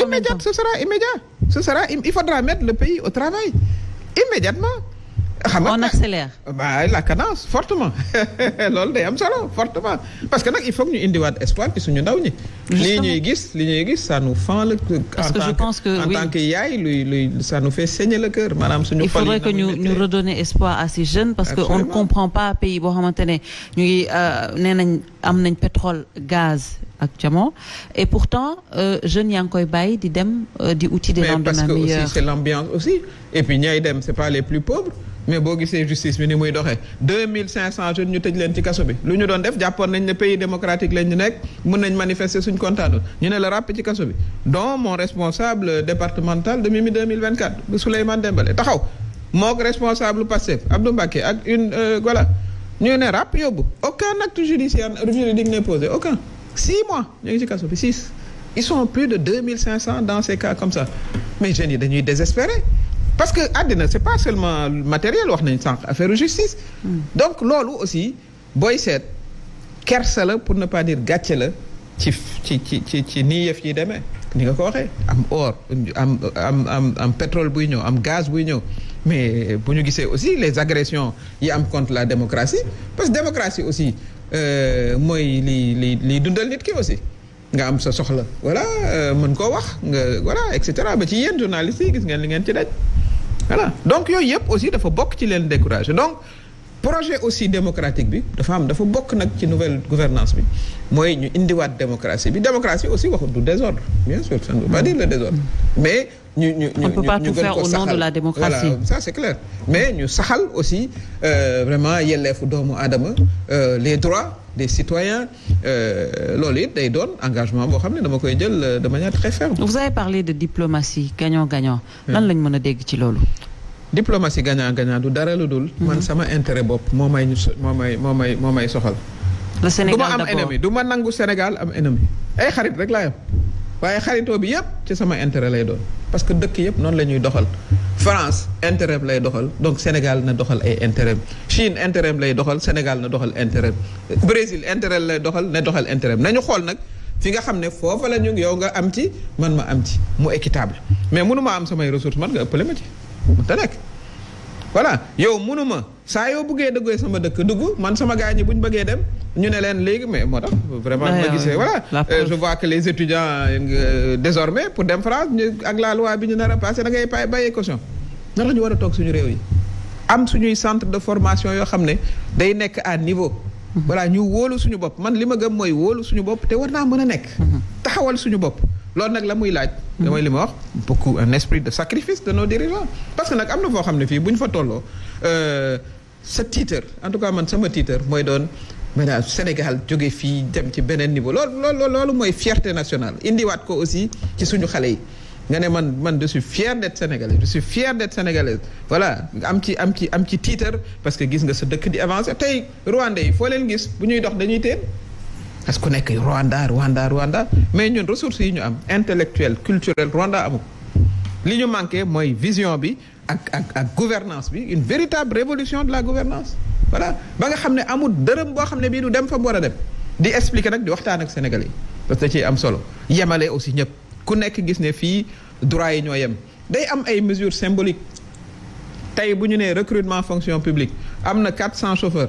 immédiat, ce sera immédiat. Ce sera, il faudra mettre le pays au travail. Immédiatement. On accélère. Bah, la cadence, fortement. fortement parce que il faut que ñu indiwaat espoir ci suñu ndaw ñi. lii ñuy ça nous fend le cœur. parce que je pense que en tant que yai, ça nous fait saigner le cœur Madame. il faudrait que nous ñu redonner espoir à ces jeunes. parce qu'on ne comprend pas pays boo xamante ne euh, pétrole gaz actuellement, et pourtant je n'y ai koy d'idem di dem outil euh, de l'ambiance mais parce que aussi c'est l'ambiance aussi et puis ñay dem c'est pas les plus pauvres mais boo gisee justice mais ni muy 2500 jeunes ñu tëj leen ci kaso bi lu ñu doon def Japon, nañ pays démocratique nous, ñu nekk mën nous, manifester suñ kontaanul ñu rap la ràpp ci donc mon responsable départemental de 2024 bu Souleymane Dembélé taxaw responsable passé, Abdou Mbake, ak une euh, voilà ñu aucun acte judiciaire juridique n'est posé aucun six mois des cas six ils sont plus de 2500 dans ces cas comme ça mais je des nuits désespéré parce que ce c'est pas seulement matériel wax train de affaire justice hmm. donc loolu aussi boy set, kersa la pour ne pas dire gàcce la ci ci ci ci ci yi demee ni nga ko waxee or am am am pétrole un gaz mais pour nous, c'est aussi les agressions yi am contre la démocratie parce que démocratie aussi euh, Moi, li li li dundal nit ki aussi nga am sa soxla voilà euh, mon ko wax voilà et cetera ba ci yenn journalistes yi gis ngeen li ngeen ci daj voilà donc yooyu yëpp aussi dafa bokk ci leen découragé donc projet aussi démocratique bi dafa am dafa bokk nag ci nouvelle gouvernance bi mooy ñu indiwaat démocratie bi démocratie aussi waxul du désordre bien sûr ça ne veut pas dire le désordre mm. mais ñu ñu ñu ñu ñu gën ko saxal on peut pas tout faire au nom de la démocratie. ça c'est clair mais ñu saxal aussi euh, vraiment yelleefu doomu aadama euh, les droits des citoyens euh, loolu it day doon engagement boo xam ne dama koy jël de manière très ferme. vous avez parlé de diplomatie gagnant gagnant. Hmm. lan lañ mën a dégg ci loolu. diplomatie gagnant gagnant du dara lu dul. man hmm. sama intérêt bopp moo may moo may moo may moo may soxal. le Sénégal ma am ennemi du ma nangu Sénégal am ennemi ay xarit rek laa yam waaye xaritoo bi yépp ci sama intérêt lay doon. parce que dëkk yëpp noonu la ñuy doxal France intérêt lay doxal donc Sénégal na doxal ay intérêt Chine intérêt lay doxal Sénégal na doxal intérêt Brésil intérêt lay doxal na doxal intérêt nañu xool nag fi nga xam ne foofa la ñu yow nga am ci man ma am ci mu équitable mais mënu am samay ressources man nga ëppale ma ci mu te nekk voilà yow munuma sa yoo buggee dëggee sama dëkk dugg man sama gars ñi bu bëggee dem ñu ne leen léegi mais moo tax vraiment ma gisee voilà euh, je vois que les étudiants euh, désormais pour dem France ñu ak la loi bi ñu nar a passé da ngay pay caution na tax ñu war a toog suñu réew yi am suñuy centre de formation yoo xam ne day nekk à niveau mhm. voilà ñu wóolu suñu bopp man li ma gëm mooy wóolu suñu bopp te war naa mën a nekk mhm. taxawal suñu bopp loolu nak la muy laaj. damay li ma wax beaucoup un esprit de sacrifice de nos dirigeants. parce que nak amna fo foo fi buñ fa bu euh ce titre en tout cas man sama titre moy don maanaam Sénégal jóge fi dem ci benen niveau loolu loolu loolu moy fierté nationale wat ko aussi ci suñu xalé yi. nga ne man man je suis fier d'être sénégalais je suis fier d'être sénégalaise voilà am ci am ci am ci titre parce que gis nga sa dëkk di avancer tay Rwanda fo foo leen gis bu ñuy dox dañuy teen parce qu'on est Rwanda Rwanda Rwanda mais ñun ressources yi ñu intellectuelles, culturelles culturelle Rwanda qui li ñu manqué une vision bi ak ak gouvernance une véritable révolution de la gouvernance voilà ba nga xamné ne amul dërëm boo xam du dem fa wara dem di expliquer nak di waxtaan ak sénégalais parce que ci am solo yamalé aussi ñep ku nekk gis né fi droit yi ñoo yem day am ay mesures symboliques tay bu ñu un recrutement fonction publique amna 400 chauffeurs.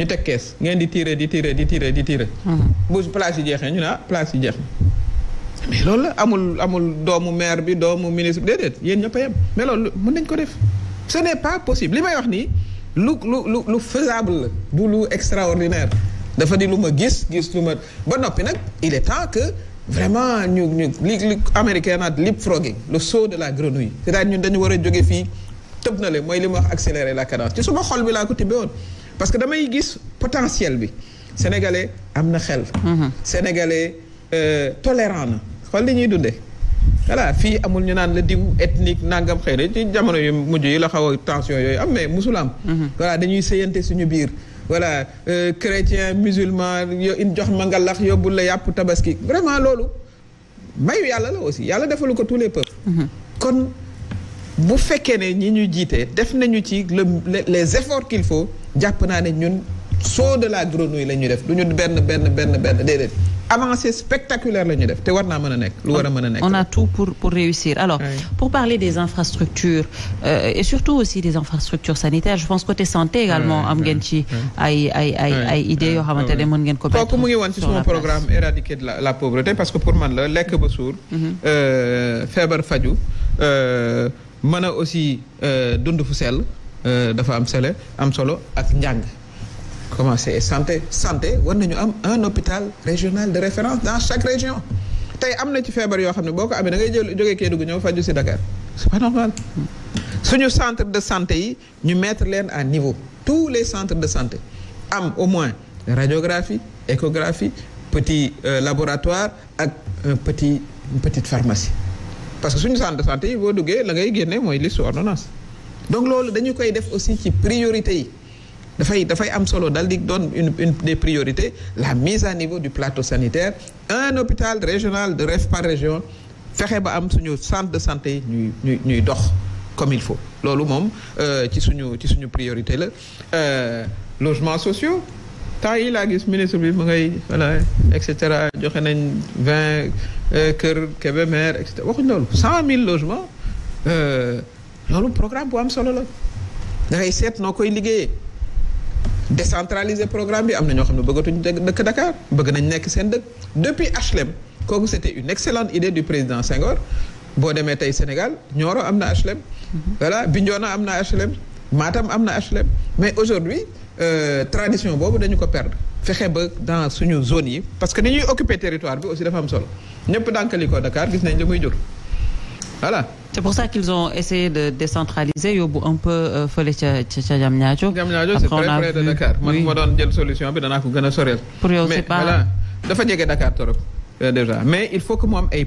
ñu teg kees ngeen di tirer di tirer di tirer di tirer. Hmm. bu place yi jeexee ñu ne ah place yi jeex mais loolu la amul amul doomu maire bi doomu ministre bi déedéet yéen ñëpp a yem mais nañ ko def ce n'est pas possible li may wax nii lu lu lu lu faisable la du lu extraordinaire dafa di lu ma gis gis lu ma ba noppi nag il est temps que vraiment ñu ñu li li américain naat leapfrogging lu saut de la grenouille c'est-à-dire ñun dañu war a jóge fii tëb na le mooy li ma wax accélérer la cadence ci suma xol bi laa ko tibbee parce que damay gis potentiel bi sénégalais amna xel. Mhm. sénégalais euh, tolérant na xool li ñuy dundee. wala fi amul ñu naan le diw ethnique nangam xëy ci jamono yu mujj yi la xaw tension yoy am mais musul am. Mhm. voilà dañuy seyenté suñu biir. wala euh, chrétien musulman yo jox ma yo bu la yap tabaski vraiment lolu mayu yalla la aussi yalla defalu ko tous les peuples. Mhm. kon bu fekkee ne ñi ñu jiitee def nañu ci les efforts qu'il faut jàpp naa ne ñun saut de la grenouille la ñuy def du ñu benn benn benn benn déedéet avancée spectaculaire la ñuy def te war naa mën a nekk lu war a mën a nekk on a tout pour pour réussir alors oui. pour parler des infrastructures euh, et surtout aussi des infrastructures sanitaires je pense côté santé également am ngeen ci ay ay ay ay idées yoo xamante ne mën ngeen ko kooku mu ngi woon ci suma programme éradiquer de la, la pauvreté parce que pour man la lekk ba suur mhm. euh, feebar faju euh, mën a aussi euh, dund fu euh, dafa am sele am solo ak njang commencé santé santé war nañu am un hôpital régional de référence dans chaque région tay amna ci barrière yo xamné ne boo un da ngay jël jógee Kédougou faju ci Dakar c'est pas normal suñu centre de santé yi ñu mettre leen à niveau tous les centres de santé am au moins radiographie échographie petit euh, laboratoire ak un petit une petite pharmacie parce que suñu centre de santé bo boo la ngay génne moy liste ordonnance donc lolu dañu koy def aussi ci priorité yi da fay am solo dal di donne une des priorités la mise à niveau du plateau sanitaire un hôpital régional de ref par région fexé ba am suñu centre de santé ñuy ñuy ñuy dox comme il faut mom euh, ci suñu ci suñu priorité la euh, logements sociaux temps yi gis ministre bi mu ngay voilà et cetera joxe nañ 20 euh, kër et cetera waxuñ loolu logements euh, loolu programme bu am solo la da ngay seet noo koy liggéeyee décentraliser programme bi am na ñoo bëggatuñ dëkk Dakar bëgg nañ nekk seen dëkk depuis HLM kooku c'était une excellente idée du président Senghor boo demee tey Sénégal Nioro am HLM mm-hmm. voilà Bignona am HLM Matam am HLM mais aujourd'hui euh, tradition vous dañu ko perdre fexé ba dans suñu zone yi parce que nous occupons le territoire bi aussi dafa am solo Nous dankaliko Dakar gis nañ voilà. C'est pour ça qu'ils ont essayé de décentraliser un peu euh, c'est très près de Dakar man doon jël solution bi ko gëna a pour pas mais dafa Dakar euh, déjà mais il faut que moi, am ay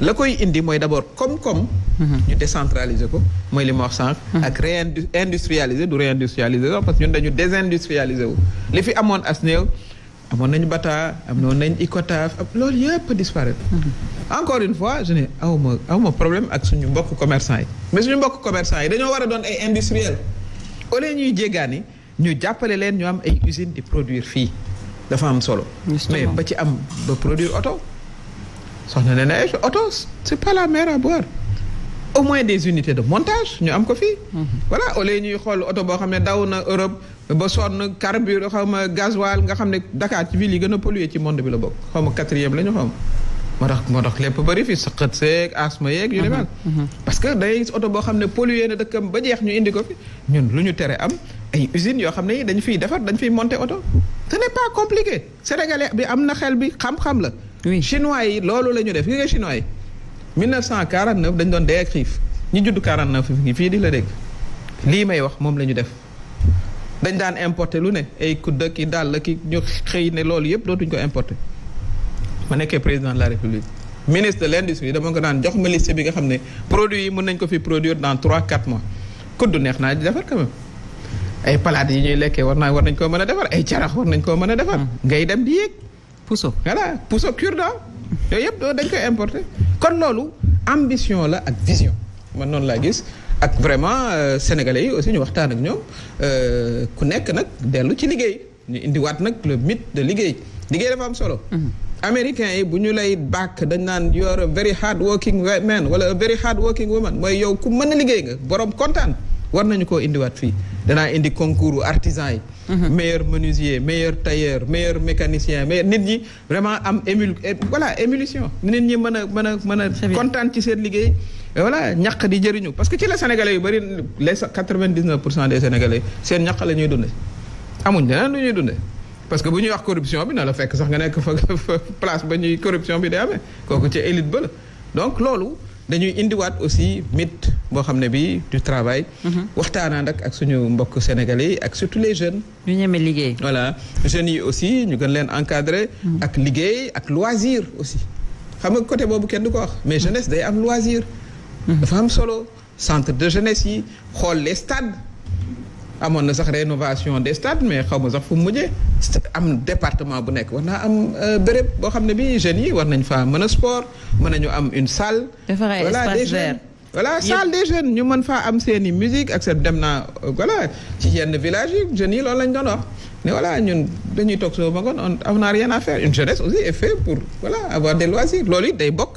la koy indi moy d'abord comme comme, mhm. ñu décentraliser ko moy li ma wax sank mhm. ak réindustrialiser du réindustrialiser parce que ñun dañu désindustrialiser wu. li fi amone as amone amoon Bata amoon nañu Icotaf lool yépp disparaître. Mhm. encore une fois je ne awma awma problème ak suñu mbokk commerçant yi. mais suñu mbokk commerçant yi dañoo war doon ay industriel au lieu ñuy jéggaani ñu jappalé leen ñu am ay usine di produire fi dafa am solo. mais ba ci am ba produire auto soxna nee autos c'est pas la mer à boire au moins des unités de montage ñu am ko fi mhm. voilà au lieu ñuy xol auto bo xamné ne daw na Europe ba son carburant xaw gasoil nga xamné Dakar ci ville yi gëna polluer ci monde bi la bok xaw ma quatrième la ñu xaw ma. moo tax moo tax lépp bëri fii saqat seeg asma yu ne mhm, mhm. parce que day oto boo xam ne pollué na dëkkam ba jeex ñu indi ko fi ñun luñu téré am ay usine yo xamné dañ fiy defar dañ fiy monter auto ce n'est pas compliqué sénégalais bi am xel bi xam-xam la. oui chinois yi loolu la ñu def yi nga chinois yi 1949 dañ doon dee ak xiif ñi judd 49 ngi fii di la dégg lii may wax moom la ñu def dañ daan importé lu ne ay kudd ki dàll ki ñu xëy ne loolu yëpp dootuñ ko importer ma nekkee président de la république ministre de l'industrie dama ko daan jox ma liste bi nga xam ne produits yi mën nañ ko fi produire dans 3 4 mois kudd neex naa di defar quand même ay palaat yi ñuy lekkee war naa war nañ koo mën a defar ay carax koo mën a defar hmm. ngay dem di yéeg puso voilà puso cure-dent yooyu do dañ koy importer kon loolu ambition la ak vision man non la gis ak vraiment euh, sénégalais yi aussi ñu waxtaan ak ñom euh ku nekk nak delu ci liggéey ñu indi indiwaat nak le mythe de liggéey liggéey dafa am solo. Mhm. américain yi bu ñu lay bàkk dañ naan you are a very hard working man wala a very hard working woman mooy yow ku mën a liggéey nga borom kontaan war nañu koo indiwaat fii danaa indi concours artisan yi mhm. meilleur menuisier meilleur tailleur meilleur mécanicien mais nit ñi vraiment am émul voilà émulation nit ñi mën a mën a mën a kontaan ci seen liggéey voilà ñaq di jëriñu parce que ci la sénégalais yu bëri les 99 des sénégalais seen ñaq la ñuy dunde amuñ dana lu ñuy dunde parce que bu ñuy wax corruption bi na la fekk sax nga nekk fa place ba ñuy corruption bi day amee kooku ci élite ba la donc loolu dañuy indiwaat aussi mythe boo xam ne bi du travail. Mhm. waxtaanaan ak ak suñu mbokk sénégalais yi ak surtout les jeunes. ñu ñeme liggéey. voilà jeunes yi aussi ñu gën leen encadrer. Mhm. ak liggéey ak loisir aussi. xam nga côté boobu kenn du ko wax mais jeunesse day am loisir. Mhm. dafa am solo centre de jeunesse yi xool les stades amone sax rénovation des stades mais xaw sax fu mu am département bu nek warna naa am euh, béréb bo xamné bi jeunes yi war nañ fa mën sport mën nañu am une salle. voilà des jeunes voilà salle des jeunes ñu mën fa am seen musique ak seen demna euh, voilà ci yenn village yi jeunes yi loolu lañ doon wax. mais voilà ñun dañuy toog soo magoon on on rien à faire une jeunesse aussi est fait pour voilà avoir des loisirs loolu day bokk.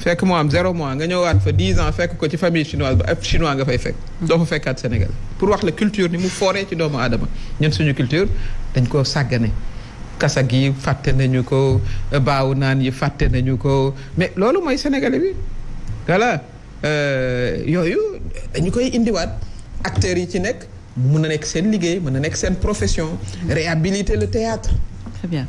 fekk moo am zéro mois nga ñëwaat fa dix ans fekk ko ci famille chinoise ba ab chinois nga fay fekk. doo fa fekkaat Sénégal pour wax la culture ni mu fooree ci doomu aadama ñun suñu culture dañ koo sàggane kasak gi fàtte nañu ko baaw naan yi fàtte nañu ko mais loolu mooy sénégalais bi voilà euh, yooyu dañu koy indiwaat acteurs yi ci nekk mën na nekk seen liggéey mën na nekk seen profession réhabiliter le théâtre très bien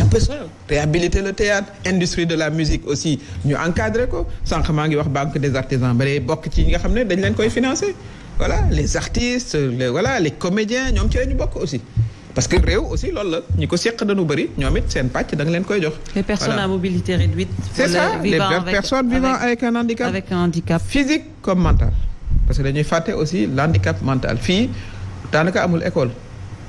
un peu ça réhabiliter le théâtre industrie de la musique aussi ñu encadrer ko sans comment ngi wax banque des artisans mais bokk ci ñi nga xam dañ leen financer voilà les artistes les voilà les comédiens nous ci la ñu aussi. parce que réew aussi loolu la ñi ko seq dañu bëri ñoom it seen dans da les personnes à mobilité réduite. c'est ça les personnes vivant avec un handicap avec un handicap physique comme mental. parce que nous avons aussi l'handicap mental le cas amul école.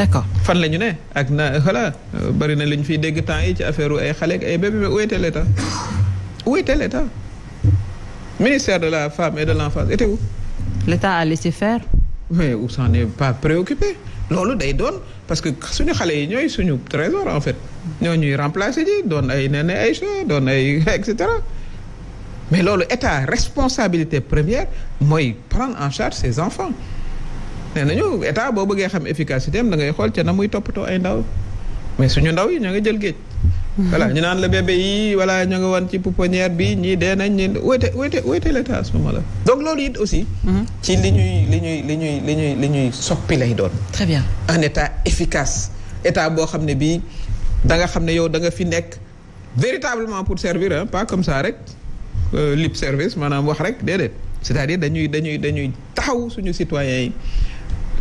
d'accord fan lañu né ak na xala bari na liñ ñu fiy dégg temps yi ci affaire ay ay bébé mais où était l'État où était l'État ministère de la femme et de l'enfance était où l'État a laissé faire mais où s'en est pas préoccupé loolu day doon parce que suñu xale yi ñooy suñu trésor en fait ñoo ñuy remplacer ji doon ay ay Aïcha doon ay et cetera mais loolu état responsabilité première mooy prendre en charge ses enfants nee nañu état boo bëggee xam efficacité am da ngay xool ca na muy toppatoo ay ndaw mais suñu ndaw yi ñoo ngi jël géej. voilà ñu naan la bébé yi voilà ñu ngi woon ci pouponnière bi ñii dee nañ ñii wéete wéete wéete l'état à ce moment là. donc loolu it aussi. Mm-hmm. ci li ñuy li ñuy li ñuy li ñuy li ñuy soppi lay doon. très bien un état efficace état boo xam ne bii da nga xam ne yow da nga fi nekk véritablement pour servir hein pas comme ça rek euh, lip service maanaam wax rek déedéet c'est-à-dire dañuy dañuy dañuy taxaw suñu citoyens yi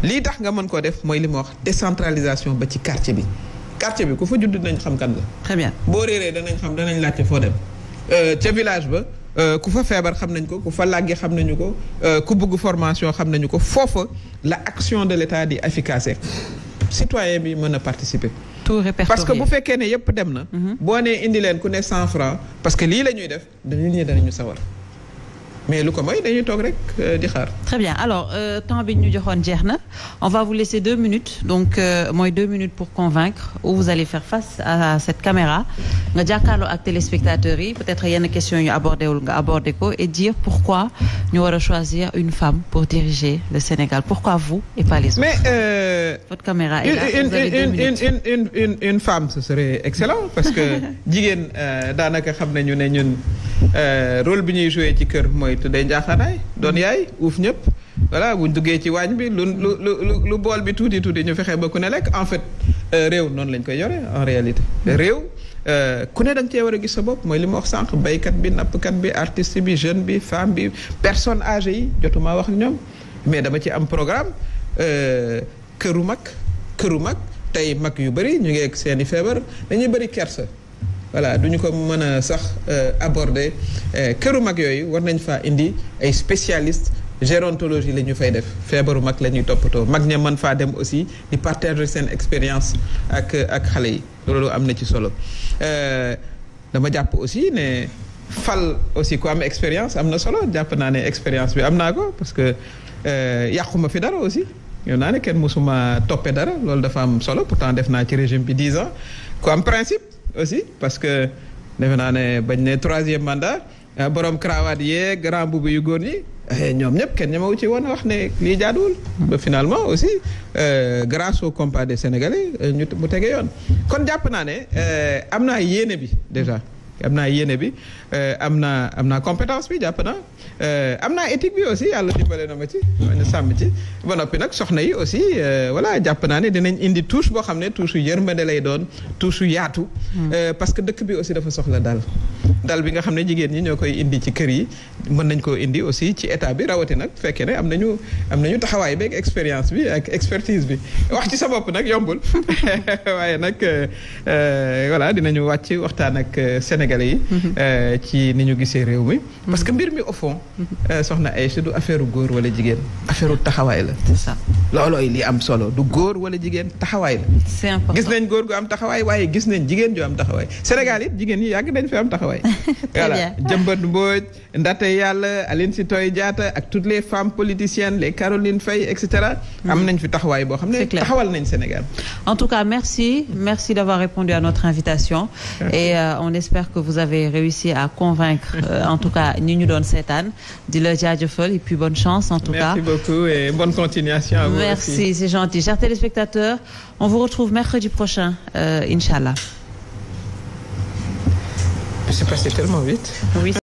li tax nga mën ko def moy li ma wax décentralisation ba ci quartier bi quartier bi ku fa judd nañ xam kan la. très bien boo réeree danañ xam danañ laajte foo dem euh, ca village ba. Euh, ku fa feebar xam nañ ko ku fa làggi xam nañu ko euh, ku bëgg formation xam nañu ko foofa la action de l'État di efficace citoyen bi mën a participer tout répertorié parce que bu fekkee ne yépp dem na mhm. boo nee indi leen ku ne cent francs parce que lii la ñuy def dañu ñee dañu sawar mais euh, très bien alors euh, on va vous laisser deux minutes donc euh, deux minutes pour convaincre où vous allez faire face à cette caméra nga téléspectateurs peut-être yenn question a une question à aborder et dire pourquoi nous allons choisir une femme pour diriger le Sénégal pourquoi vous et pas les autres. mais euh, votre caméra est là une femme ce serait excellent parce que euh, danaka ñu Euh, rôle bi ñuy joué ci kër mooy tuddee njaaxanaay doon yaay uuf ñëpp voilà buñ duggee ci waañ bi lu lu lu lu bool bi tuuti tuuti ñu fexe ba ku ne lekk en fait euh, réew noonu lañ koy yore en réalité mm-hmm. réew euh, ku ne dañ cee war a gis sa bopp mooy li ma wax sànq baykat bi nappkat bi artiste bi jeune bi femme bi personne age yi jotuma wax ñoom mais dama ci am programme këru mag këru mag tey mag yu bëri ñu ngi ak seeni feebar dañuy bëri kersa voilà du ko mëna sax euh, aborder euh, këru mag yoy war nañ fa indi ay spécialistes gérontologie la ñu fay def feebaru mag lañuy ñuy mag ñe man fa dem aussi di partager sen expérience ak ak xalé yi lolu amna ci solo euh, dama japp aussi ne fal aussi ku am expérience amna solo japp na né expérience bi amna ko parce que yaquma fi dara aussi yow naa ne kenn mosuma toppee dara loolu dafa am solo pourtant def naa ci régime bi dix ans ku am principe aussi parce que defe naa ne bañ ne troisième mandat ah, borom cravate yee grand boubou yu góor ñi eh, ñoom ñëpp kenn ñamawu ci woon wax ne lii jaaduwul. ba finalement aussi euh, grâce au compas des Sénégalais euh, mu tege yoon kon jàpp naa ne euh, am naa yéene bi déjà. am naa yéene bi euh, am na am naa compétence bi jàpp na euh, am naa éthique bi aussi yàlla dimbale na ma ci ma sàmm ci ba noppi nag soxna yi aussi euh, voilà jàpp naa ne dinañ indi touche boo xam ne touche yu yërmande lay doon touche yu yaatu hmm. parce que dëkk bi aussi dafa soxla daal dal bi nga xam ne jigéen ñi ñoo koy indi ci kër yi mën nañ koo indi aussi ci état bi rawatina nag fekkee ne am nañu am nañu taxawaay beeg expérience bi ak expertise bi wax ci sa bopp nag yombul waaye nag euh, euh, voilà dinañu wàcc waxtaan ak euh, sénégalais yi. Mhm. ci ni ñu gisee réew mi. Mhm. parce que mbir mi au fond. Mhm. soxna Aïcha du affaire góor wala jigéen affaire taxawaay la. c'est ça loolooy li am solo du góor wala jigéen taxawaay la. gis nañ góor gu am taxawaay waaye gis nañ jigéen ju am taxawaay Sénégal it jigéen ñi yàgg nañ fi am taxawaay. Très voilà Aline toutes les femmes politiciennes les Caroline Fay, etc. en tout cas merci merci d'avoir répondu à notre invitation et euh, on espère que vous avez réussi à convaincre euh, en tout cas ñi ñu le seetaan di la et puis bonne chance en tout cas merci beaucoup et bonne continuation à vous merci c'est gentil chers téléspectateurs on vous retrouve mercredi prochain euh, Inch'Allah c'est passé tellement vite. Oui.